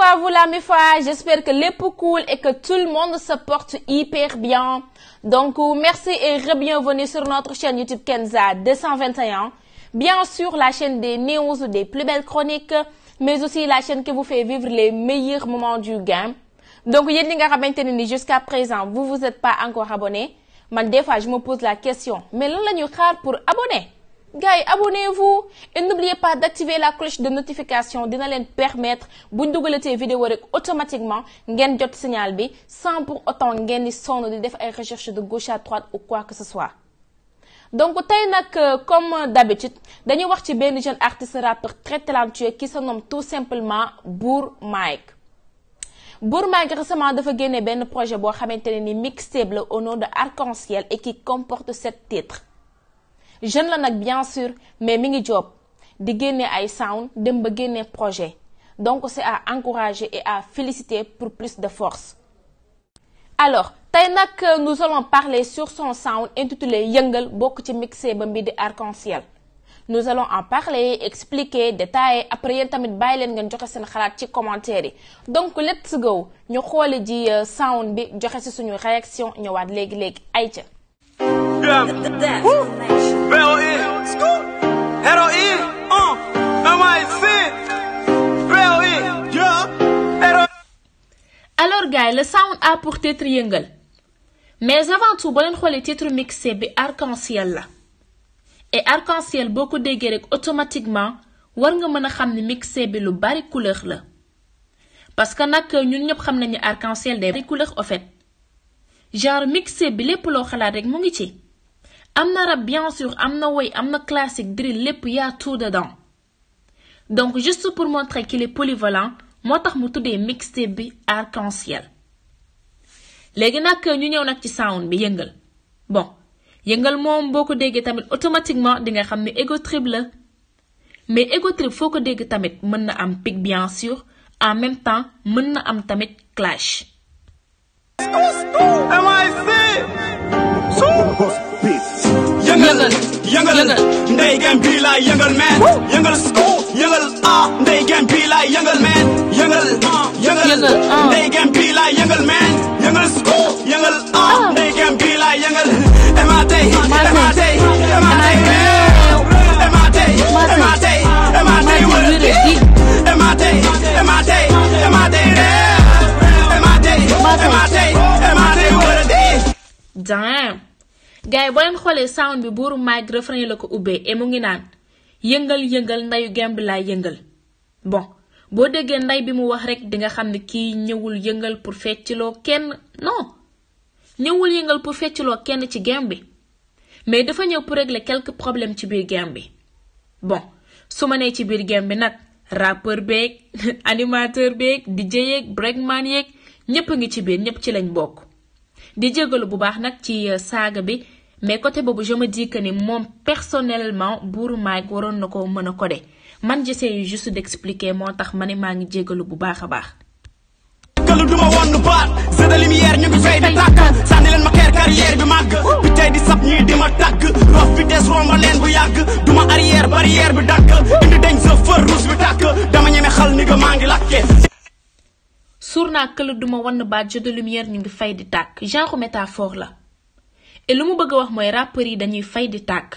à vous J'espère que les cool et que tout le monde se porte hyper bien. Donc, euh, merci et bienvenue sur notre chaîne YouTube Kenza 221. Bien sûr, la chaîne des news, des plus belles chroniques, mais aussi la chaîne qui vous fait vivre les meilleurs moments du game. Donc, jusqu'à présent, vous vous êtes pas encore abonné. Mais des fois, je me pose la question, mais là, nous pour abonner. Guys, abonnez-vous et n'oubliez pas d'activer la cloche de notification dina permettre buñ les vidéo automatiquement signal sans pour autant gagner di di recherche de gauche à droite ou quoi que ce soit donc euh, comme d'habitude Daniel wax ci d'un jeune artiste rappeur très talentueux qui se nomme tout simplement Bour Mike Bour Mike récemment a un projet qui s'appelle Mixtable au nom de Arc-en-Ciel et qui comporte ce titres ne la pas, bien sûr mais mi ngi job di génne ay sound dem ba projet donc c'est à encourager et à féliciter pour plus de force. alors euh, nous allons parler sur son sound intitulé yengal qui ci mixé ba mbi di arc-en-ciel nous allons en parler expliquer détailler après nous tamit faire leen ngeen joxe sen ci commentaire donc let's go ñu xoole ji euh, sound bi joxe ci suñu réaction ñëwaat léegi léegi le sound A pour titre triangle mais avant tout bo len xolé titre mixé bi arc-en-ciel la et arc-en-ciel beaucoup de rek automatiquement war nga mën xamni xam mixé bi lu bari couleur la parce que nous ñun ñëpp xam nañu arc-en-ciel des couleurs couleurs au fait genre mixé bi lepp lo xalaat rek mo ngi ci amna bien sûr am way amna classique drill lepp ya tout dedans donc juste pour montrer qu'il est polyvalent motax mu tuddé mixé bi arc-en-ciel léegi nag ñu ñëw nag ci sound bi yëngal bon yëngal moom boo ko déggee tamit automatiquement di nga xam ne ego trip la mais ego trip foo ko dégg tamit mën na am pic bien sûr en même temps mën na am tamit clash. yëngal yëngal ndey gam bii laay yëngal meen yëngal yëngal ah ndey gam bii laay yëngal meen ah, yëngal yëngal ah. ndey gam bii like younger man, younger school, younger um, they can be like younger. Am I day? Am I day? Am I day? Am I day? Am I day? Am Damn. gaay boo leen xoolee sound bi buuru Mike refrain la ko ubbee et ngi naan yëngal yëngal ndayu gemb laa yëngal bon boo déggee nday bi mu wax rek dinga xam ne kii ñëwul yëngal pour fecciloo kenn non ñëwul yëngal pour fecciloo kenn ci game bi mais dafa ñëw pour régler quelques problèmes ci biir game bi bon su ma nee ci biir game bi nag rappeur beeg animateur beeg DJ yeeg breakman yeeg ñépp a ngi ci biir ñépp ci lañ bokk di jégalu bu baax nag ci euh, saaga bi mais côté boobu je me dis que ni moom personnellement buuru Mike waroon na ko mën a codé man j'essaie juste d'expliquer moo tax ma ne ngi jégalu bu baax a baax. kalu duma wonn baat c'est de lumière ñu ngi fay di tàkk sànni len ma xeer carrière bi màgg bi tey di sap ñuy di ma tàgg rof bi des romba leen bu yag duma arrière barrière bi dàkk indi dañ sa fër rus bi tàkk dama ñeme xal ni nga maa ngi làkkee suur naa këlu duma wann baat je de lumière ñu ngi fay di tàkk genre métaphore la et lu mu bëgg wax moy rappeurs yi dañuy fay di tàkk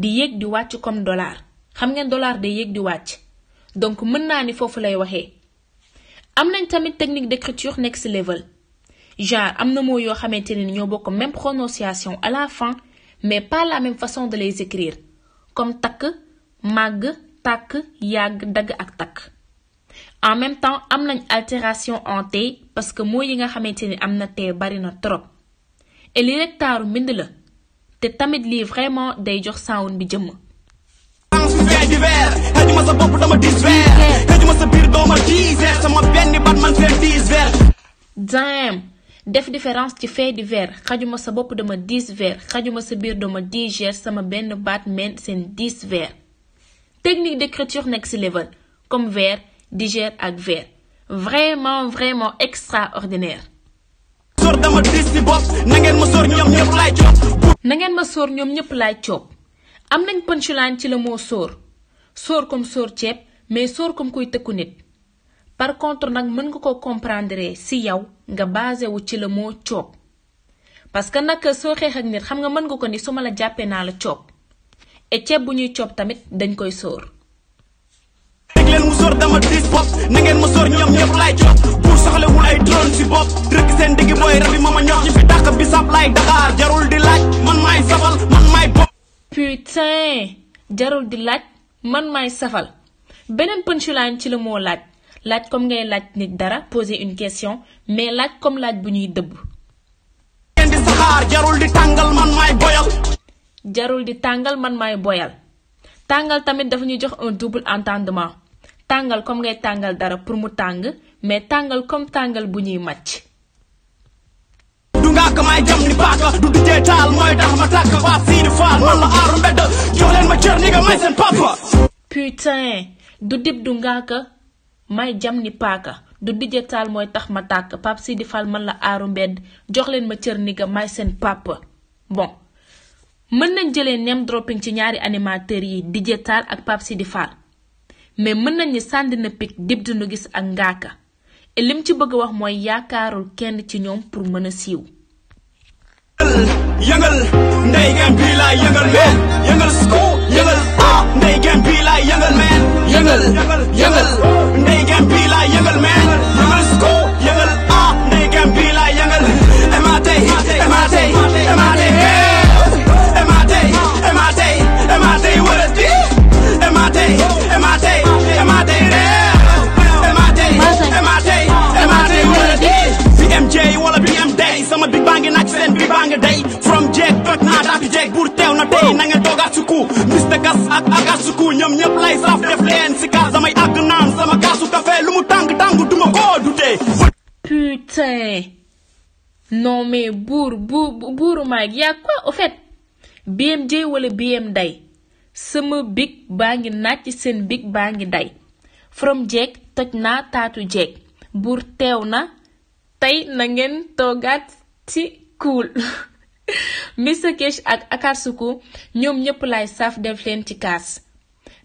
di yegg di wacc comme dollar xam ngeen dollar de yéeg di wàcc donc mën naa ni foofu lay waxee am nañ tamit technique d'écriture next level genre am na moo yoo ñoo bokk même prononciation à la fin mais pas la même façon de les écrire comme tak »,« mag »,« tak »,« yag »,« dag » ak tak ». en même temps am nañ altération en t parce que mooy yi nga xamante ni am bari na trop et li rek taaru la te tamit lii vraiment day jox sound bi jëmm ans dama dis weer xëj ma sa biir dooma dix weer sama def différence ci fee di weer xajuma sa bopp sa biir dooma dix sama benn baat men seen dix weer technique d'écriture next level ak vers vraiment vraiment extraordinaire sor ma sor ñoom ñëpp laay coob na ma sor ñoom ñëpp laay coob am nañ punchline ci la moo soor sóor comme sóor ceeb mais sóor comme kuy tëkku nit par contre nag mën nga ko comprendre si yow nga basé wu ci la moo coob parce que nag soo xeex ak nit xam nga mën nga ko ni suma la jàppee naa la coob et ceeb bu ñuy coob tamit dañ koy sóor. dégg leen ay drone si bopp rëkk seen digg booy rabi ma ma ñor ñi fi dàq bisaab laay daxaar jarul di laaj man maay sabal. putain jarul di laaj man may safal beneen punchline ci la moo laaj laaj comme ngay laaj nit dara poser une question mais laaj comme laaj bu ñuy dëbb. di jarul di tàngal man maay boyal. jarul di tàngal man maay boyal tàngal tamit dafa ñuy jox un double entendement tàngal comme ngay tàngal dara pour mu tàng mais tàngal comme tàngal bu ñuy màcc. tàkk may jam ni du dijee taal mooy tax ma man la ni nga may papa putain du dib du ngaaka may jam ni paaka du ma la aru jox len ma ni may sen papa bon mën nañ jëlee nem dropping ci ñaari animateur yi dijee taal ak pap di fal mais mën nañ ni sànd na pik dib dundu gis ak lim ci bëgg wax kenn ci pour siiw यंगल नई game भी लाई यंगल मैन यंगल स्को यंगल नई game भी लाई यंगल मैन यंगल यंगल नई गेम भी यंगल man non mais buur buur buuru maag yaa quoi au fait BM jëy wala day sama big baa ngi naaj seen big baa ngi day from jeeg toj naa taatu jeeg buur teew na tey na ngeen toogaat ci kuul Mr Cash ak Akatsuki ñoom ñëpp lay saaf def leen ci kaas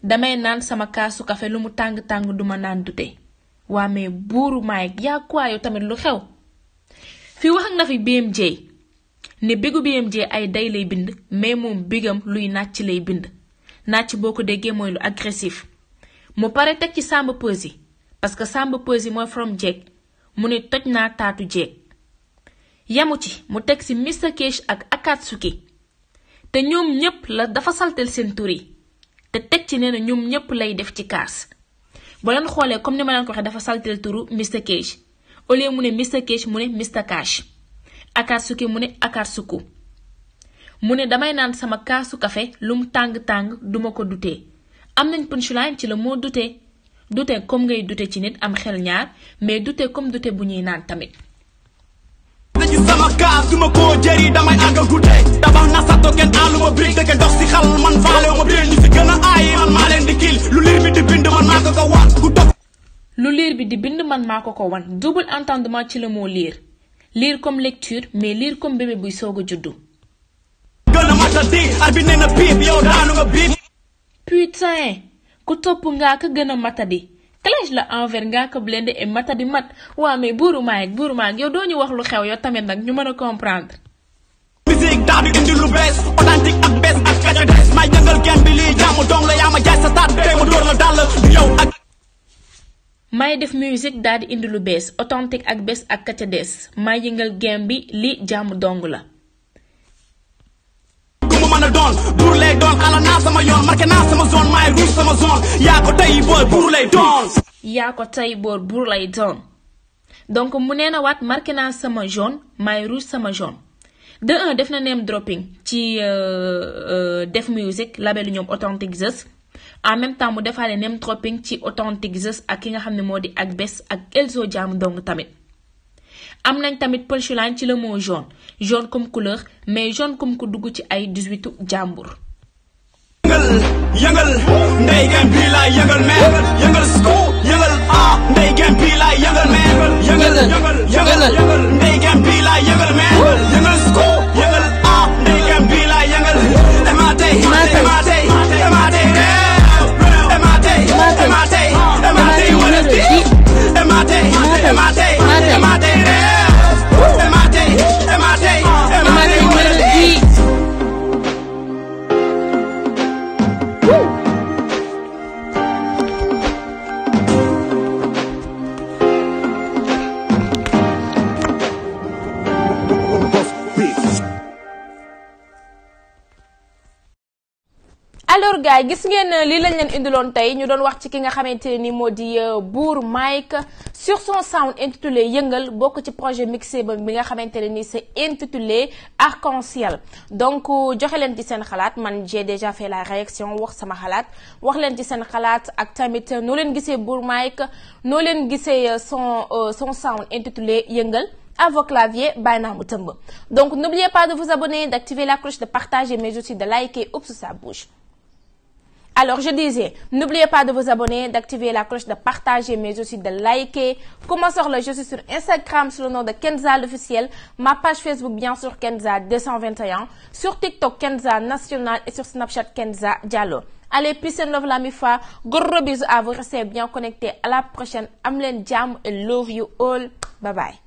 damay naan sama kaasu kafe lu mu tàng tàng duma naan dute waa mais buuru maay yaa quoi tamit lu xew fii wax na fi BMJ ne bégu BMJ ay day lay bind mais moom bigam luy ci lay bind nàcc boo ko déggee mooy lu agressif mu pare teg ci Samba Peuzzi parce que Samba Peuzzi mooy from jeeg mu ne toj naa taatu jeeg yamu ci mu teg ci Mr Cash ak Akatsuki te ñoom ñépp la dafa saltel seen turi te teg ci nee na ñoom ñépp lay def ci kaas boo leen xoolee comme ni ma leen ko waxee dafa saltel turu Mr Cash au lieu mu ne mista Cash mu ne Mr Cash Akatsuki mu ne Akatsuku mu ne damay naan sama kaasu kafe lu mu tàng-tàng duma ko dutee am nañ punchline ci la moo dutee dute comme ngay dute ci nit am xel ñaar mais dute comme dute bu ñuy naan tamit nañu sama kaas duma kenn aaluma brique dëkk dox si xal man faalew ma bie ñu fi gën aayi man maa leen di kiil lu liir mi di bind man maa ko ko lu liir bi di bind man maa ko ko wan double entendement ci la moo liir liir comme lecture mais liir comme bébé buy soog a juddu. putain ku topp ngaa ko gën a matadi clash la envers ngaa ko blende et matadi mat waa mais buuru maa yeeg buuru maa yeeg yow doo wax lu xew yow tamit nag ñu mën a comprendre. musique daa indi lu bees authentique ak bees ak kañ may jëngal kenn bi lii jaamu dong la yaa ma jaay sa taat may def musique daal di indi lu bees authentique ak bees ak kaca des may yëngal game bi li jàmm dong la. mën a doon buur lay doon xala naa sama yoon marqué ruus sama zone yaa ko tey boor buur lay doon. donc mu nee na waat marqué naa sama zone maay ruus sama zone def na name dropping ci euh, euh, def music labelu ñoom authentique en même temps mu defaale name dropping ci Authentic Zeus ak ki nga xam ne moo di ak bes ak Elzo Jam dong tamit am nañ tamit punchline ci le mot jaune jaune comme couleur mais jaune comme ku dugg ci ay 18 jàmbur. yëngal yëngal ndey game bii yëngal meel yëngal yëngal ah, yëngal yëngal yëngal yëngal ndey yëngal meel yëngal sko d'accord gars yi gis ngeen euh, lii lañ leen indiloon tay ñu doon wax ci ki nga xamante ne ni moo euh, Bour Mike sur son sound intitulé yëngal bokku ci projet mixé ba mi nga xamante ni c'est intitulé arc-en-ciel donc euh, joxe leen ci sen xalaat man j'ai déjà fait la réaction wax sama xalaat wax leen ci sen xalaat ak tamit no leen gisee Bour Mike no leen gisee son son sound intitulé yëngal à clavier, claviers Bainam Donc n'oubliez pas de vous abonner, d'activer la cloche, de partager, mais aussi de liker Oups sa bouche. Alors, je disais, n'oubliez pas de vous abonner, d'activer la cloche, de partager, mais aussi de liker. Comment sur le Je suis sur Instagram sous le nom de Kenza l'officiel, ma page Facebook bien sûr Kenza 221, sur TikTok Kenza National et sur Snapchat Kenza Diallo. Allez, c'est and love la mifa. Gros bisous à vous. Restez bien connectés. À la prochaine. Amlen Jam love you all. Bye bye.